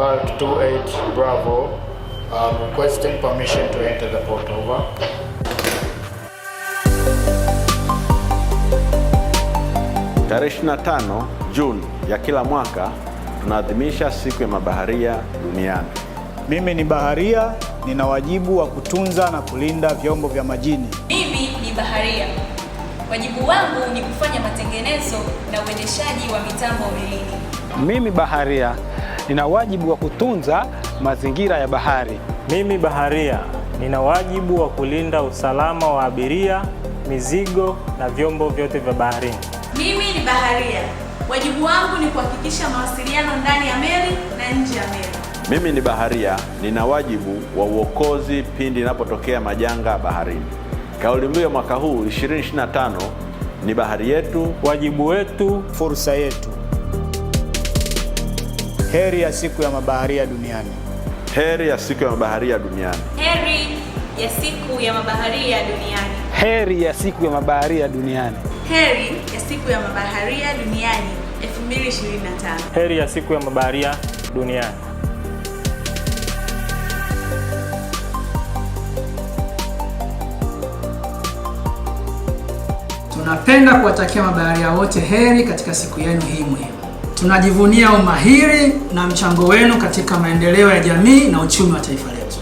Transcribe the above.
BALT 28 Bravo, um, requesting permission to enter the port. Over. Tarehe 25 Juni ya kila mwaka tunaadhimisha siku ya mabaharia duniani. Mimi ni baharia, nina wajibu wa kutunza na kulinda vyombo vya majini. Mimi ni baharia, wajibu wangu ni kufanya matengenezo na uendeshaji wa mitambo melini. Mimi baharia nina wajibu wa kutunza mazingira ya bahari. Mimi baharia nina wajibu wa kulinda usalama wa abiria, mizigo na vyombo vyote vya baharini. Mimi ni baharia, wajibu wangu ni kuhakikisha mawasiliano ndani ya meli na nje ya meli. Mimi ni baharia, nina wajibu wa uokozi pindi inapotokea majanga baharini. Kauli mbiu ya mwaka huu 2025 ni bahari yetu, wajibu wetu, fursa yetu. Heri ya siku ya mabaharia duniani. Heri ya siku ya mabaharia duniani. Heri ya siku ya mabaharia duniani. Heri ya siku ya mabaharia duniani. Heri ya siku ya mabaharia duniani 2025. Heri ya siku ya mabaharia duniani. Tunapenda kuwatakia mabaharia wote heri katika siku yenu hii muhimu. Tunajivunia umahiri na mchango wenu katika maendeleo ya jamii na uchumi wa taifa letu.